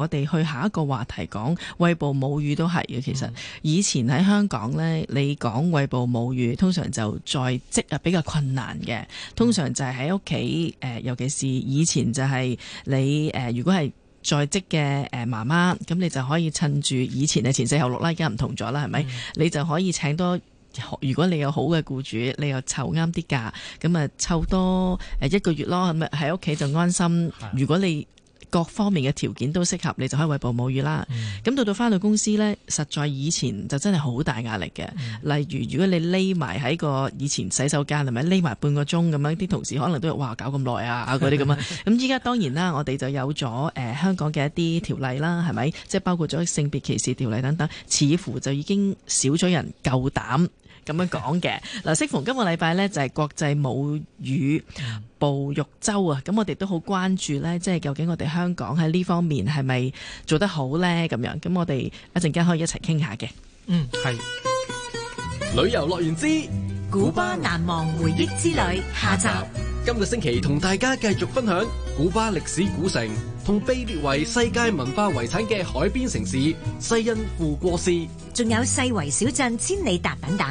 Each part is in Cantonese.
我哋去下一個話題講餵哺母乳都係嘅，其實以前喺香港呢，你講餵哺母乳通常就在職啊比較困難嘅，通常就係喺屋企誒，尤其是以前就係你誒、呃，如果係在職嘅誒媽媽，咁、呃、你就可以趁住以前嘅前四後六啦，而家唔同咗啦，係咪？ 你就可以請多，如果你有好嘅僱主，你又湊啱啲假，咁啊湊多誒一個月咯，咁啊喺屋企就安心。的如果你各方面嘅條件都適合，你就可以餵哺母乳啦。咁、嗯、到到返到公司呢，實在以前就真係好大壓力嘅。嗯、例如，如果你匿埋喺個以前洗手間，係咪匿埋半個鐘咁樣，啲同事可能都話：哇搞咁耐啊？嗰啲咁啊。咁依家當然啦，我哋就有咗誒、呃、香港嘅一啲條例啦，係咪？即係包括咗性別歧視條例等等，似乎就已經少咗人夠膽。咁樣講嘅嗱，適逢今個禮拜呢，就係國際母乳哺育周啊，咁我哋都好關注呢，即係究竟我哋香港喺呢方面係咪做得好呢？咁樣，咁我哋一陣間可以一齊傾下嘅。嗯，係。旅遊樂園之古巴難忘回憶之旅下集。今個星期同大家繼續分享古巴歷史古城同被列為世界文化遺產嘅海邊城市西恩富戈斯，仲有世圍小鎮千里達等等。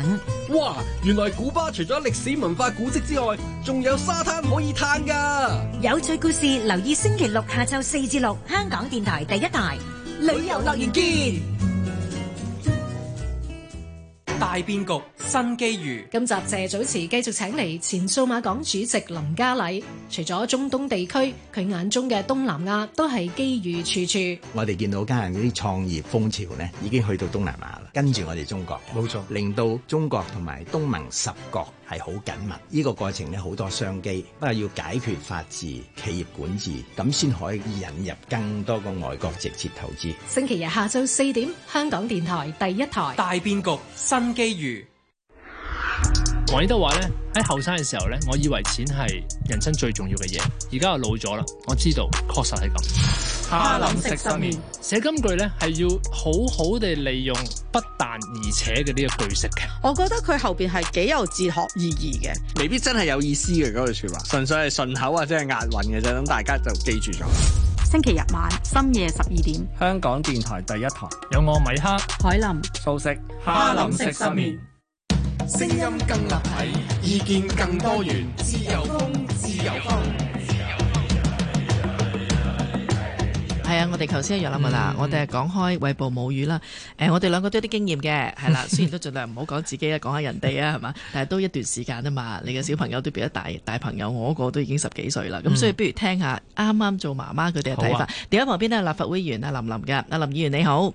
哇！原來古巴除咗歷史文化古跡之外，仲有沙灘可以嘆㗎。有趣故事，留意星期六下晝四至六香港電台第一台旅遊樂園見。大變局，新機遇。今集謝祖慈繼續請嚟前數碼港主席林家禮。除咗中東地區，佢眼中嘅東南亞都係機遇處處。我哋見到家下嗰啲創業風潮咧，已經去到東南亞啦。跟住我哋中國，冇錯，令到中國同埋東盟十國係好緊密。呢個過程咧，好多商機，不過要解決法治、企業管治，咁先可以引入更多個外國直接投資。星期日下晝四點，香港電台第一台《大變局》新。機遇，王爾德話咧，喺後生嘅時候咧，我以為錢係人生最重要嘅嘢，而家又老咗啦，我知道確實係咁。他臨食三年寫金句咧，係要好好地利用不但而且嘅呢個句式嘅。我覺得佢後邊係幾有哲學意義嘅，未必真係有意思嘅嗰句說話，純粹係順口啊，即係押韻嘅啫，咁大家就記住咗。星期日晚深夜十二點，香港電台第一台有我米克，海林、素食，哈林食失眠，聲音更立體，意見更多元，自由我哋頭先一樣啦，咪、嗯、啦，我哋係講開餵哺母乳啦。誒，我哋兩個都有啲經驗嘅，係啦。雖然都盡量唔好講自己啊，講下人哋啊，係嘛。但係都一段時間啊嘛，你嘅小朋友都變咗大大朋友，我嗰個都已經十幾歲啦。咁所以不如聽下啱啱做媽媽佢哋嘅睇法。電話、啊、旁邊呢，立法會議員阿林琳嘅，阿林議員你好。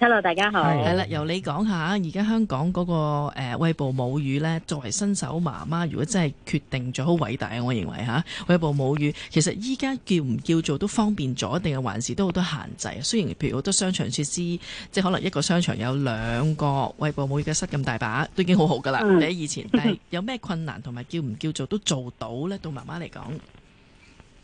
Hello，大家好係啦，由你講下而家香港嗰，那個誒，喂、呃、哺母乳呢，作為新手媽媽，如果真係決定咗，好偉大啊！我認為吓喂哺母乳，其實依家叫唔叫做都方便咗，定係還是都好多限制？雖然譬如好多商場設施，即係可能一個商場有兩個喂哺母乳嘅室咁大把，都已經好好噶啦，你是以前。但係有咩困難同埋叫唔叫做都做到呢？對媽媽嚟講。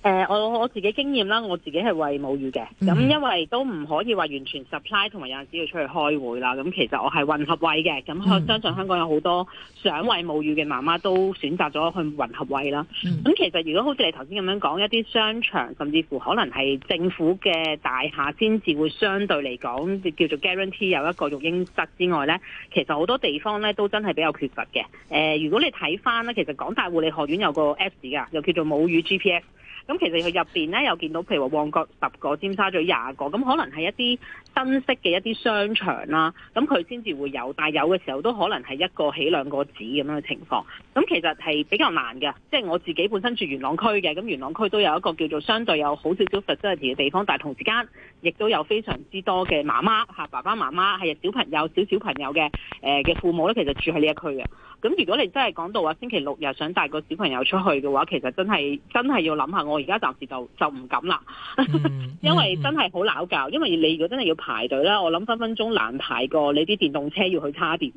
誒、呃，我我自己經驗啦，我自己係餵母乳嘅，咁因為都唔可以話完全 supply，同埋有陣時要出去開會啦。咁其實我係混合餵嘅，咁我相信香港有好多想餵母乳嘅媽媽都選擇咗去混合餵啦。咁其實如果好似你頭先咁樣講，一啲商場甚至乎可能係政府嘅大廈先至會相對嚟講叫做 guarantee 有一個育嬰室之外呢，其實好多地方呢都真係比較缺乏嘅。誒、呃，如果你睇返呢，其實港大護理學院有個 apps 㗎，又叫做母乳 GPS。咁其實佢入邊咧，又見到譬如話旺角十個，尖沙咀廿個，咁可能係一啲新式嘅一啲商場啦，咁佢先至會有，但係有嘅時候都可能係一個起兩個子咁樣嘅情況，咁其實係比較難嘅，即係我自己本身住元朗區嘅，咁元朗區都有一個叫做相對有好少少 facility 嘅地方，但係同時間亦都有非常之多嘅媽媽吓爸爸媽媽係小朋友、小小朋友嘅誒嘅父母咧，其實住喺呢一區嘅。咁如果你真係講到話星期六日想帶個小朋友出去嘅話，其實真係真係要諗下，我而家暫時就就唔敢啦，嗯嗯、 因為真係好鬧交，因為你如果真係要。排隊啦，我諗分分鐘難排過你啲電動車要去叉電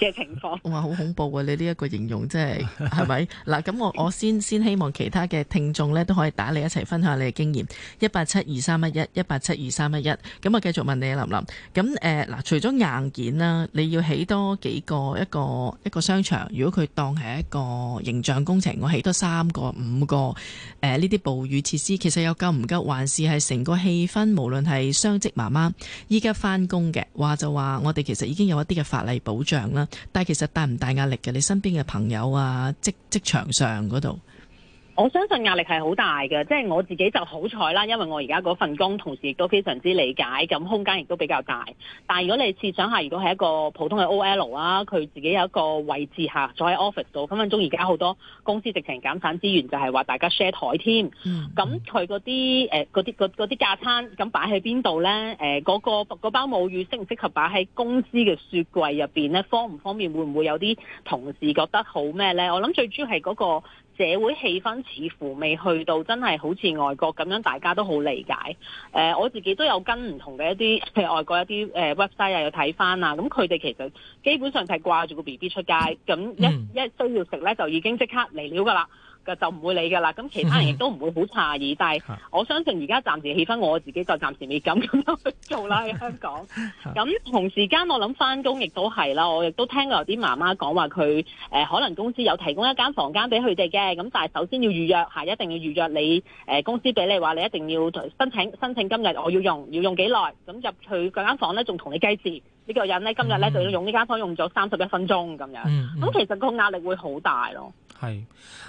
嘅情況。哇，好恐怖啊！你呢一個形容真係，係咪？嗱，咁我我先先希望其他嘅聽眾呢都可以打你一齊分享你嘅經驗，一八七二三一一一八七二三一一。咁啊，繼續問你林琳。咁誒，嗱，除咗硬件啦，你要起多幾個一個一個商場，如果佢當係一個形象工程，我起多三個、五個誒呢啲哺乳設施，其實又夠唔夠？還是係成個氣氛，無論係雙職媽媽？依家返工嘅話就話我哋其實已經有一啲嘅法例保障啦，但係其實大唔大壓力嘅？你身邊嘅朋友啊，職職場上嗰度。我相信壓力係好大嘅，即係我自己就好彩啦，因為我而家嗰份工同時亦都非常之理解，咁空間亦都比較大。但係如果你設想下，如果係一個普通嘅 OL 啦，佢自己有一個位置吓，坐喺 office 度，分分鐘而家好多公司直情減省資源，就係話大家 share 枱添。咁佢嗰啲誒啲啲架餐，咁擺喺邊度咧？誒嗰個嗰包母乳適唔適合擺喺公司嘅雪櫃入面咧？方唔方便？會唔會有啲同事覺得好咩咧？我諗最主要係嗰個。社會氣氛似乎未去到真係好似外國咁樣，大家都好理解。誒、呃，我自己都有跟唔同嘅一啲，譬如外國一啲誒、呃、website 啊，有睇翻啊。咁佢哋其實基本上就係掛住個 BB 出街，咁、嗯、一、嗯、一需要食呢，就已經即刻嚟料噶啦。就唔會理㗎啦，咁其他人亦都唔會好詫異，但係我相信而家暫時氣氛，我自己就暫時未敢咁樣去做啦。喺香港，咁同時間我諗返工亦都係啦，我亦都聽過有啲媽媽講話，佢、呃、可能公司有提供一間房間俾佢哋嘅，咁但係首先要預約吓，一定要預約你、呃、公司俾你話，你一定要申請申請今日我要用，要用幾耐？咁入去嗰間房咧，仲同你計時，呢、呢個人咧今日咧 就要用呢間房用咗三十一分鐘咁樣，咁 其實個壓力會好大咯。係，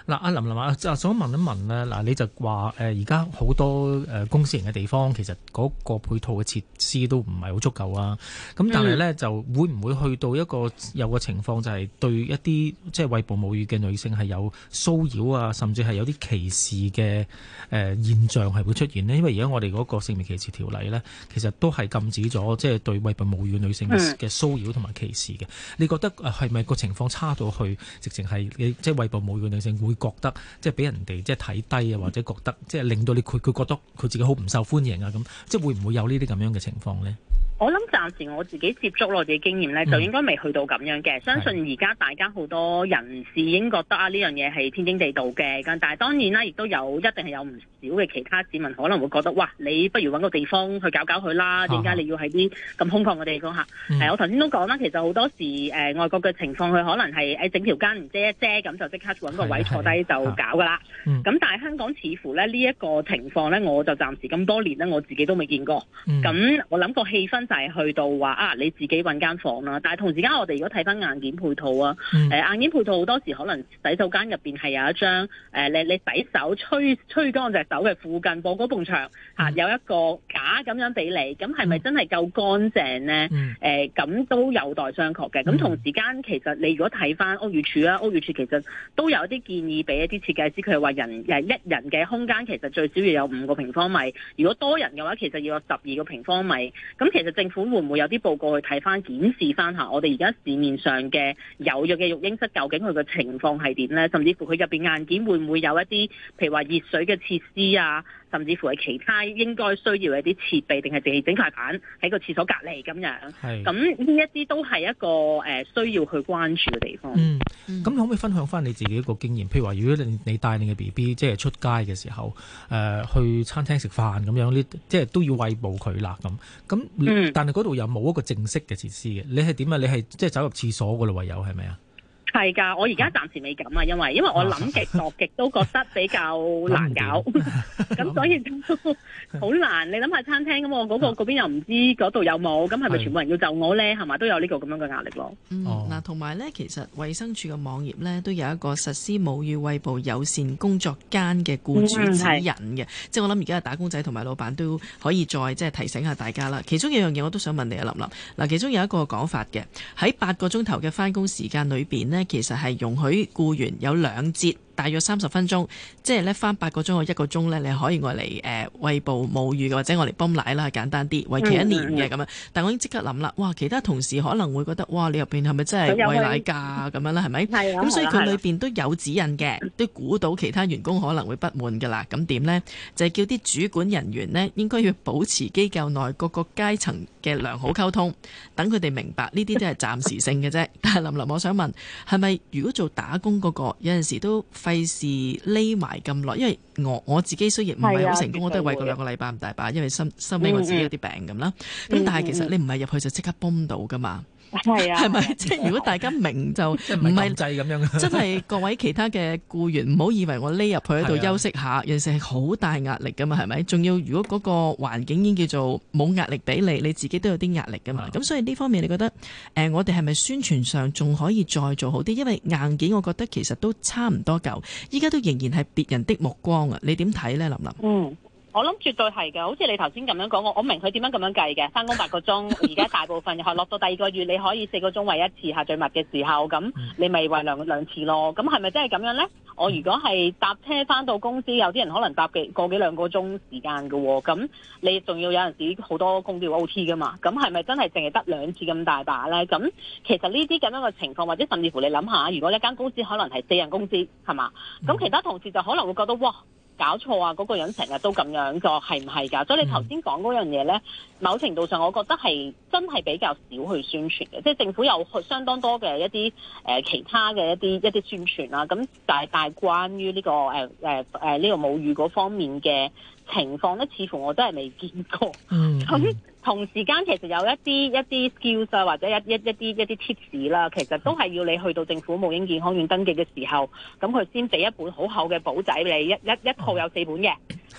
嗱阿林琳啊，就想問一問咧，嗱你就話誒而家好多誒公司型嘅地方，其實嗰個配套嘅設施都唔係好足夠啊。咁、嗯、但係咧，就會唔會去到一個有一個情況，就係對一啲即係餵哺母乳嘅女性係有騷擾啊，甚至係有啲歧視嘅誒、呃、現象係會出現呢？因為而家我哋嗰個性別歧視條例咧，其實都係禁止咗即係對餵哺母乳女性嘅騷擾同埋歧視嘅。嗯、你覺得係咪個情況差到去，直情係即係餵哺？每個女性會覺得即係俾人哋即係睇低啊，或者覺得即係令到你佢佢覺得佢自己好唔受歡迎啊，咁即係會唔會有呢啲咁樣嘅情況呢？我諗暫時我自己接觸落，我自己經驗咧、嗯、就應該未去到咁樣嘅。是相信而家大家好多人士已經覺得啊，呢樣嘢係天經地道嘅咁。但係當然啦，亦都有一定係有唔少嘅其他市民可能會覺得，哇！你不如揾個地方去搞搞佢啦，點解、啊、你要喺啲咁空曠嘅地方嚇？係、嗯、我頭先都講啦，其實好多時、呃、外國嘅情況，佢可能係喺、哎、整條街唔遮一遮，咁就即刻揾個位坐低就搞㗎啦。咁但係香港似乎咧呢一、這個情況咧，我就暫時咁多年咧，我自己都未見過。咁、嗯、我諗個氣氛。係去到話啊，你自己揾間房啦。但係同時間，我哋如果睇翻硬件配套啊，嗯、硬件配套好多時可能洗手間入邊係有一張誒、啊，你你洗手吹吹乾隻手嘅附近，播嗰埲牆吓有一個假咁樣俾你，咁係咪真係夠乾淨呢？誒、嗯、咁、啊、都有待商榷嘅。咁、嗯、同時間，其實你如果睇翻屋宇署啦，屋宇署其實都有啲建議俾一啲設計師，佢係話人一人嘅空間其實最少要有五個平方米，如果多人嘅話，其實要有十二個平方米。咁其實、就。是政府會唔會有啲報告去睇翻、檢視翻下我哋而家市面上嘅有約嘅育嬰室，究竟佢嘅情況係點呢？甚至乎佢入邊硬件會唔會有一啲，譬如話熱水嘅設施啊？甚至乎係其他應該需要一啲設備，定係定整塊板喺個廁所隔離咁樣。係咁呢一啲都係一個誒、呃、需要去關注嘅地方。嗯，咁、嗯、可唔可以分享翻你自己一個經驗？譬如話，如果你你帶你嘅 BB 即係出街嘅時候，誒、呃、去餐廳食飯咁樣，呢即係都要餵哺佢啦。咁咁，嗯、但係嗰度又冇一個正式嘅設施嘅，你係點啊？你係即係走入廁所嘅咯？唯有係咪啊？係噶，我而家暫時未敢啊，因為因為我諗極落極都覺得比較難搞，咁、啊、 不到 所以都好難。你諗下餐廳咁，我、那、嗰個嗰邊又唔知嗰度有冇，咁係咪全部人要就我呢？係咪、啊、都有呢個咁樣嘅壓力咯。嗱、嗯，同、啊、埋呢，其實衞生署嘅網頁呢，都有一個實施母乳慰部友善工作間嘅雇主指引嘅，嗯、是即係我諗而家打工仔同埋老闆都可以再即係提醒下大家啦。其中有一樣嘢我都想問你啊，林琳嗱，其中有一個講法嘅喺八個鐘頭嘅翻工時間裏邊呢。其實係容許雇員有兩節大約三十分鐘，即係咧翻八個鐘或一個鐘咧，你可以我嚟誒餵哺母乳或者我嚟泵奶啦，簡單啲，為期一年嘅咁樣。嗯、但我已經即刻諗啦，哇！其他同事可能會覺得，哇！你入面係咪真係餵奶㗎？咁樣啦係咪？咁的所以佢裏面都有指引嘅，都估到其他員工可能會不滿㗎啦。咁點呢？就係、是、叫啲主管人員呢，應該要保持機構內各個階層嘅良好溝通，等佢哋明白呢啲都係暫時性嘅啫。 但係林琳，我想問係咪如果做打工嗰、那個有陣時都？費事匿埋咁耐，因為我我自己雖然唔係好成功，啊、我都係餵過兩個禮拜唔大把，因為收收尾我自己有啲病咁啦。咁、嗯、但係其實你唔係入去就即刻崩到㗎嘛。係啊，係咪 即係如果大家明就唔係咁樣， 真係各位其他嘅僱員唔好以為我匿入去喺度休息下，是啊、其實係好大壓力噶嘛，係咪？仲要如果嗰個環境已經叫做冇壓力俾你，你自己都有啲壓力噶嘛。咁、啊、所以呢方面你覺得誒、呃，我哋係咪宣傳上仲可以再做好啲？因為硬件我覺得其實都差唔多夠，依家都仍然係別人的目光啊。你點睇咧，林琳？嗯。我諗絕對係嘅，好似你頭先咁樣講，我我明佢點樣咁樣計嘅，翻工八個鐘，而家大部分落 到第二個月你可以四個鐘餵一次，下最密嘅時候，咁你咪餵兩兩次咯。咁係咪真係咁樣呢？我如果係搭車翻到公司，有啲人可能搭幾個幾兩個鐘時間嘅、哦，咁你仲要有陣時好多工要 O T 噶嘛？咁係咪真係淨係得兩次咁大把呢？咁其實呢啲咁樣嘅情況，或者甚至乎你諗下，如果一間公司可能係四人公司，係嘛？咁其他同事就可能會覺得，哇！搞錯啊！嗰、那個人成日都咁樣㗎，係唔係㗎？所以你頭先講嗰樣嘢呢，嗯、某程度上我覺得係真係比較少去宣傳嘅，即、就、係、是、政府有相當多嘅一啲、呃、其他嘅一啲一啲宣傳啦。咁、啊、但係但係關於呢、這個誒誒呢個母乳嗰方面嘅情況呢，似乎我都係未見過。嗯。嗯同時間其實有一啲一啲 skills 啊，或者一一一啲一啲 tips 啦，其實都係要你去到政府母嬰健康院登記嘅時候，咁佢先俾一本好厚嘅簿仔你，一一一套有四本嘅。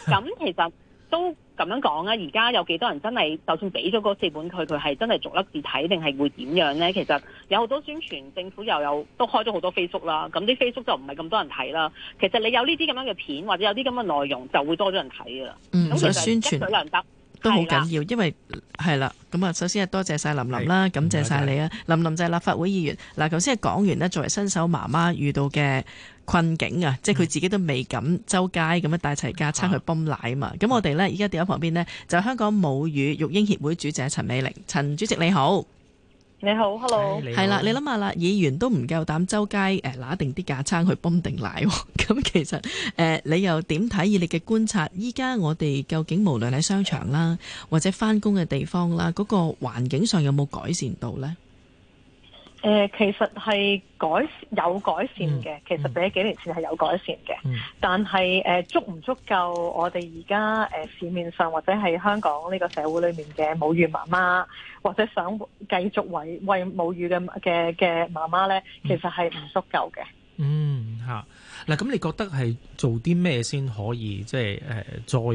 咁其實都咁樣講啦，而家有幾多人真係就算俾咗嗰四本佢，佢係真係逐粒字睇定係會點樣呢？其實有好多宣傳，政府又有都開咗好多 Facebook 啦，咁啲 Facebook 就唔係咁多人睇啦。其實你有呢啲咁樣嘅片或者有啲咁嘅內容，就會多咗人睇噶啦。嗯，其實宣傳一舉兩得。都好緊要，因為係啦，咁啊的，首先多謝晒林琳啦，的感謝晒你啊，的林琳就係立法會議員，嗱，頭先係講完呢作為新手媽媽遇到嘅困境啊，嗯、即係佢自己都未敢周街咁樣帶齊架撐去泵奶嘛，咁、啊、我哋呢，而家電話旁邊呢，就係、香港母乳育嬰協會主席陳美玲，陳主席你好。你好，hello，係、hey, 啦，你諗下啦，議員都唔夠膽周街誒，拿定啲架撐去泵定奶咁、喔， 其實誒、呃，你又點睇，以你嘅觀察，依家我哋究竟無論喺商場啦，或者返工嘅地方啦，嗰、那個環境上有冇改善到呢？誒、呃，其實係改善有改善嘅，嗯嗯、其實比起幾年前係有改善嘅，嗯、但係誒、呃、足唔足夠？我哋而家誒市面上或者係香港呢個社會裏面嘅母乳媽媽，或者想繼續餵喂母乳嘅嘅嘅媽媽咧，其實係唔足夠嘅、嗯。嗯。啊！嗱，咁你覺得係做啲咩先可以即係、就是呃、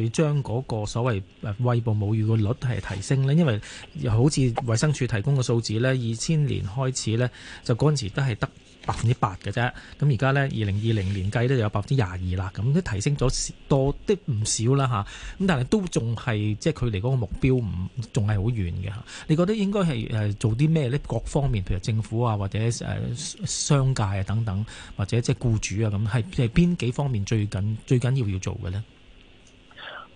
再將嗰個所謂誒餵哺母乳嘅率係提升咧？因為又好似衛生署提供嘅數字咧，二千年開始咧，就嗰陣時都係得。百分之八嘅啫，咁而家呢，二零二零年計都就有百分之廿二啦，咁都提升咗多啲唔少啦吓，咁但係都仲係即係距離嗰個目標唔仲係好遠嘅吓，你覺得應該係做啲咩呢？各方面譬如政府啊，或者商界啊等等，或者即係僱主啊咁，係係邊幾方面最緊最緊要要做嘅呢？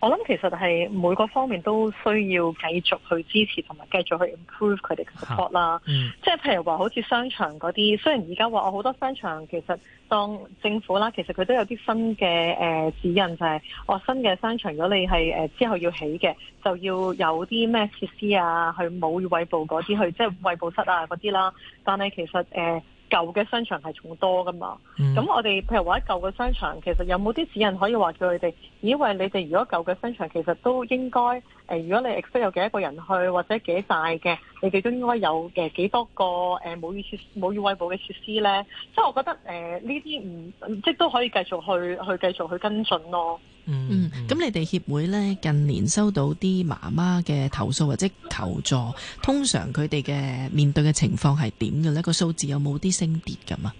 我諗其實係每個方面都需要繼續去支持同埋繼續去 improve 佢哋嘅 support 啦。嗯、即係譬如話好似商場嗰啲，雖然而家話我好多商場其實當政府啦，其實佢都有啲新嘅、呃、指引、就是，就係我新嘅商場如果你係、呃、之後要起嘅，就要有啲咩設施啊，去冇餵哺嗰啲去，即係餵哺室啊嗰啲啦。但係其實、呃舊嘅商場係仲多噶嘛？咁、嗯、我哋譬如話喺舊嘅商場，其實有冇啲指引可以話叫佢哋？咦、喂、你哋如果舊嘅商場其實都應該，呃、如果你 expect 有幾多個人去或者幾大嘅，你哋都應該有、呃、幾多個冇、呃、無預設無保嘅設施咧。即係我覺得誒呢啲唔即係都可以繼續去去繼續去跟進咯。嗯，咁你哋協會咧近年收到啲媽媽嘅投訴或者求助，通常佢哋嘅面對嘅情況係點嘅呢？個數字有冇啲升跌咁啊？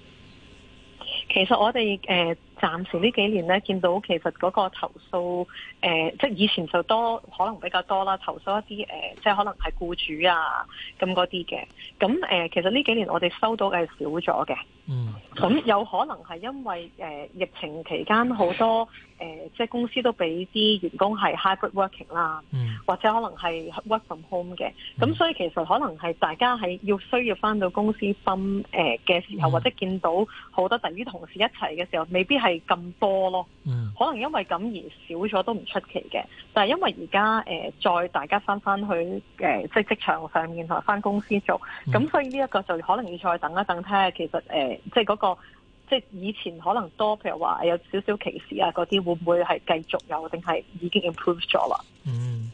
其實我哋誒，暫時呢幾年咧，見到其實嗰個投訴誒、呃，即係以前就多，可能比較多啦，投訴一啲誒、呃，即係可能係僱主啊咁嗰啲嘅。咁誒、呃，其實呢幾年我哋收到嘅係少咗嘅。咁有可能係因為誒、呃、疫情期間好多誒、呃，即係公司都俾啲員工係 hybrid working 啦、嗯，或者可能係 work from home 嘅。咁、嗯、所以其實可能係大家係要需要翻到公司分誒嘅時候，嗯、或者見到好多第啲同事一齊嘅時候，未必係咁多咯。嗯，可能因為咁而少咗都唔出奇嘅。但係因為而家誒再大家翻翻去誒、呃，即係職場上面同翻公司做，咁所以呢一個就可能要再等一等睇下，看看其實誒、呃、即係個即係以前可能多，譬如話有少少歧視啊，嗰啲會唔會係繼續有，定係已經 improve 咗啦？嗯，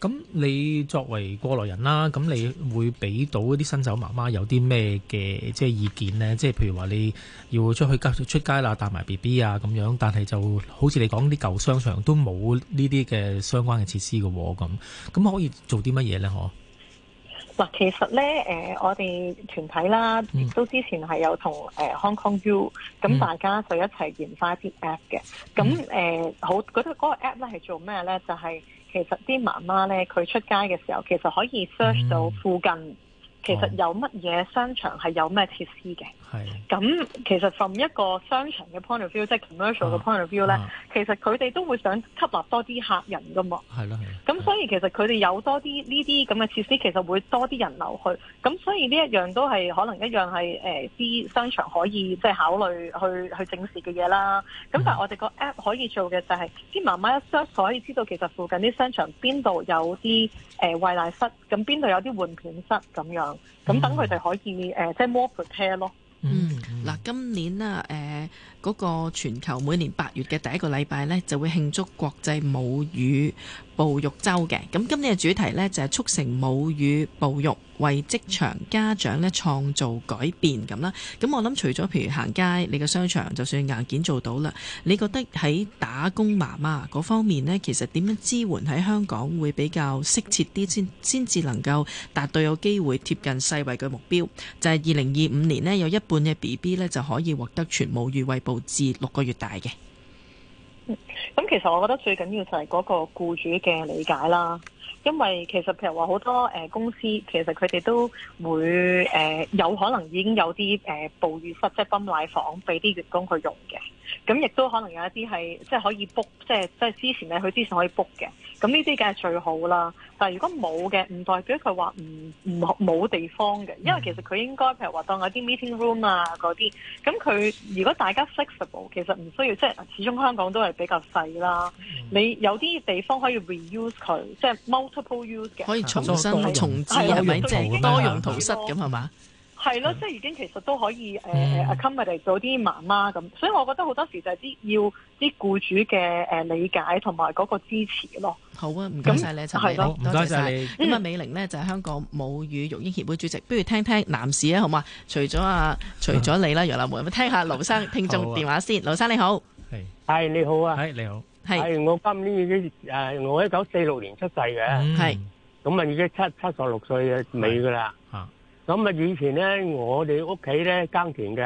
咁你作為過來人啦，咁你會俾到啲新手媽媽有啲咩嘅即係意見呢？即係譬如話你要出去出出街啦，帶埋 BB 啊咁樣，但係就好似你講啲舊商場都冇呢啲嘅相關嘅設施噶，咁咁可以做啲乜嘢呢？可？嗱，其實咧，誒、呃，我哋團體啦，嗯、亦都之前係有同、呃、Hong Kong U，咁大家就一齊研發啲 app 嘅。咁誒、嗯呃，好嗰得嗰個 app 咧係做咩咧？就係、是、其實啲媽媽咧，佢出街嘅時候，其實可以 search 到附近其實有乜嘢商場係有咩設施嘅。咁、嗯嗯、其實從一個商場嘅 point of view，啊、即係 commercial 嘅 point of view 咧、啊，其實佢哋都會想吸納多啲客人噶嘛。咁、啊、所以其實佢哋有多啲呢啲咁嘅設施，啊、其實會多啲人流去。咁、啊、所以呢一樣都係可能一樣係誒啲商場可以即係考慮去去正視嘅嘢啦。咁、啊、但係我哋個 app 可以做嘅就係啲媽媽一 search 可以知道其實附近啲商場邊度有啲誒餵奶室，咁邊度有啲換片室咁樣，咁等佢哋可以誒即係 more prepare 囉。咯、嗯。嗯嗯今年啦，誒、呃、嗰、那個、全球每年八月嘅第一個禮拜咧，就會慶祝國際母乳哺育周嘅。咁今年嘅主題咧就係促成母乳哺育。為職場家長咧創造改變咁啦，咁我諗除咗譬如行街，你個商場就算硬件做到啦，你覺得喺打工媽媽嗰方面呢，其實點樣支援喺香港會比較適切啲，先先至能夠達到有機會貼近世衞嘅目標，就係二零二五年呢，有一半嘅 BB 咧就可以獲得全母乳餵哺至六個月大嘅。嗯，咁其實我覺得最緊要就係嗰個僱主嘅理解啦。因為其實譬如話好多誒公司，其實佢哋都會誒有可能已經有啲誒哺乳室，即泵奶房俾啲員工去用嘅，咁亦都可能有一啲係即係可以 book，即係即係之前咧佢之前可以 book 嘅。咁呢啲梗係最好啦，但係如果冇嘅，唔代表佢話唔唔冇地方嘅，因為其實佢應該譬如話當有啲 meeting room 啊嗰啲，咁佢如果大家 flexible，其實唔需要即係，始終香港都係比較細啦。你有啲地方可以 reuse 佢，即係 multiple use 嘅，可以重新重置，係咪即係多用途室咁係嘛？係咯，即係已經其實都可以誒 accommodate 到啲媽媽咁，所以我覺得好多時就係啲要啲雇主嘅誒理解同埋嗰個支持咯。好啊，唔該晒你陳偉，唔該晒你。咁啊，美玲咧就係香港母乳育嬰協會主席。不如聽聽男士啊，好嘛？除咗啊，除咗你啦，楊立梅，咁聽下盧生聽眾電話先。盧生你好，係，係你好啊，係你好，係我今年已經誒，我一九四六年出世嘅，係，咁啊已經七七十六歲嘅尾噶啦，咁啊！以前咧，我哋屋企咧耕田嘅，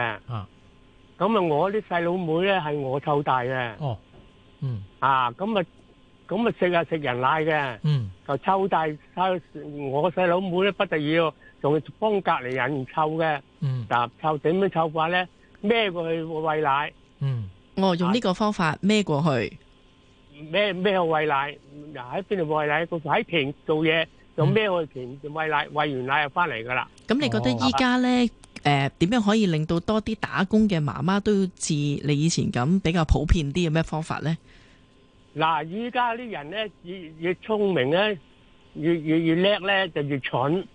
咁啊，我啲細佬妹咧係我湊大嘅，嗯，啊，咁啊，咁啊，食啊食人奶嘅，就湊大湊，我細佬妹咧不得要仲要幫隔離人湊嘅，嗱，湊點樣湊法咧？孭過去餵奶，我用呢個方法孭過去，孭孭去餵奶，嗱喺邊度餵奶？喺田做嘢就孭去田餵奶，餵完奶又翻嚟噶啦。咁你覺得依家呢，誒，點樣，哦呃、可以令到多啲打工嘅媽媽都似你以前咁比較普遍啲嘅咩方法呢？嗱，依家啲人呢越越聰明呢，越越叻呢就越蠢。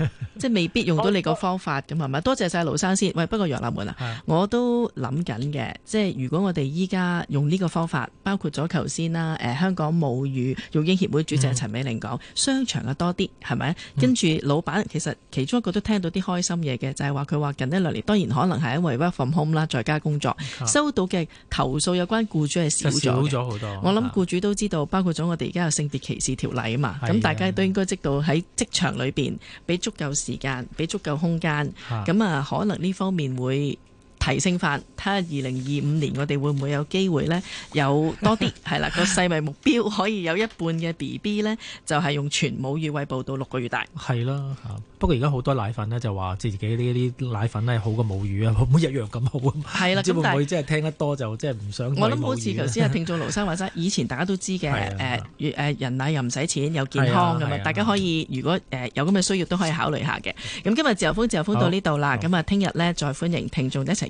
即係未必用到你個方法咁係咪？多謝晒，盧生先。喂，不過楊立門啊，的我都諗緊嘅。即係如果我哋依家用呢個方法，包括咗頭先啦。誒、呃，香港母乳育嬰協會主席陳美玲講，嗯、商場嘅多啲係咪？跟住、嗯、老闆其實其中一個都聽到啲開心嘢嘅，就係話佢話近一兩年，當然可能係因為 work from home 啦，在家工作，的收到嘅投訴有關雇主係少咗。少咗好多。我諗雇主都知道，包括咗我哋而家有性別歧視條例啊嘛。咁的大家都應該知道喺職場裏邊俾足夠時間，俾足夠空間，咁啊，可能呢方面會。提升翻，睇下二零二五年我哋會唔會有機會呢？有多啲係啦，個世衞目標，可以有一半嘅 BB 呢，就係用全母乳餵哺到六個月大。係啦、啊，不過而家好多奶粉呢，就話，自己呢啲奶粉係好過母乳啊，唔會一樣咁好係啦，咁的但係即係聽得多就即係唔想。我諗好似頭先啊，聽眾盧生話齋，以前大家都知嘅的、呃、人奶又唔使錢又健康咁，大家可以如果呃有咁嘅需要都可以考慮下嘅。咁的今日自由風自由風到呢度啦，咁啊聽日呢，再歡迎聽眾一齊。